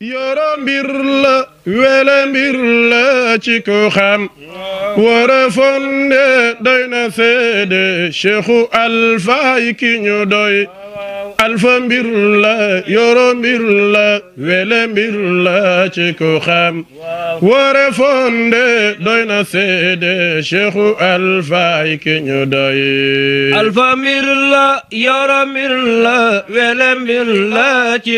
yoro mbir wele mbir la ci xam wara fonde doy na seede cheikhu alfay ki ñu doy alfa mbir la yoro la wele la ci ko xam wara fonde doy na seede cheikhu alfa ki ñu doy alfa la yoro la wele la ci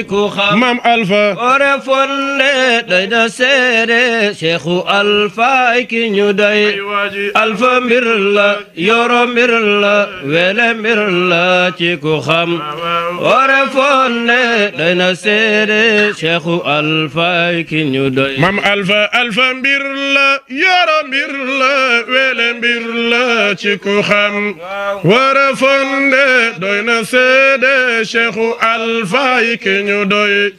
ko xam warafonde doy na seede Cheikhu Alfa ki ñu doy Mam Alfa Alfa mbir la yoro mbir la wele mbir la doy na seede Cheikhu Alfa ki ñu doy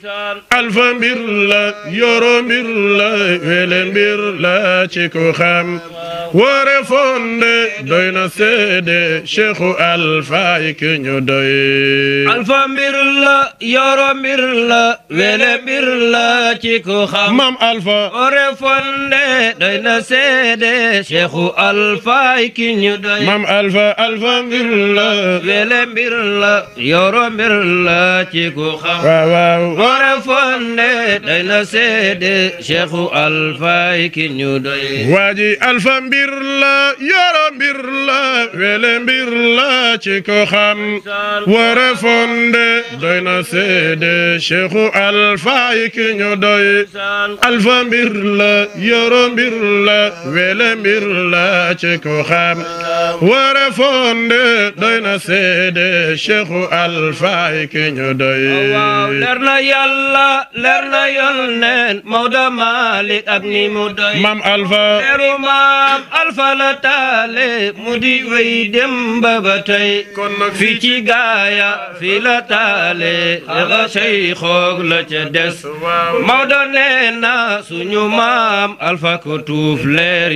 Alfa mbir la yoro mbir la wele mbir la ci ware fonde doy na seede cheikhu alfa ki ñu doy alfa mbir la yoro mbir la ci ko xam mam alfa doy na seede cheikhu alfa ki ñu doy mam alfa alfa la yoro mbir la ci ko xam mbir la yoro mbir la wele mbir la ci ko xam wara fonde doy na seede cheikhu alfa yi ki ñu doy alfa mbir la yoro mbir la wele mbir la ci ko xam wara fonde doy na seede cheikhu alfa yi ki ñu doy leer na yàlla leer na yol neen Maodo Malick ak ni mu doy maam alfa alfalataale mu di wey dem ba ba tey kon fi ci gaaya fi la taale la sey xoog la ca des Maodo nee na suñu maam alfa ko tuuf leer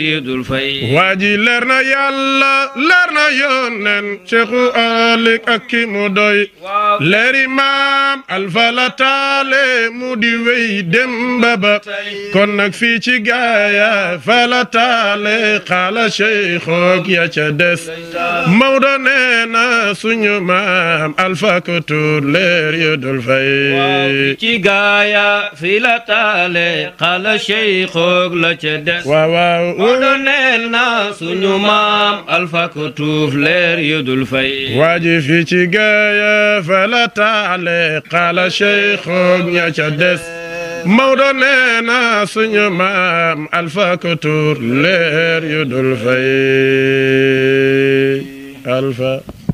waa ji leer na yàlla leer na yónneen Cheikhu Alik ak ki mu doy. leeri maam alfa la taale mu di wéy dem baba. kon fii ci gaaya fa la taale xaala Cheikh ya ca des. Maodo nee na suñu maam alfa ko tuuf leer yi dul ala seyxoog la ci gaaya fa taale xaala seyxoog ña ca des Maodo nee na suñu leer yu dul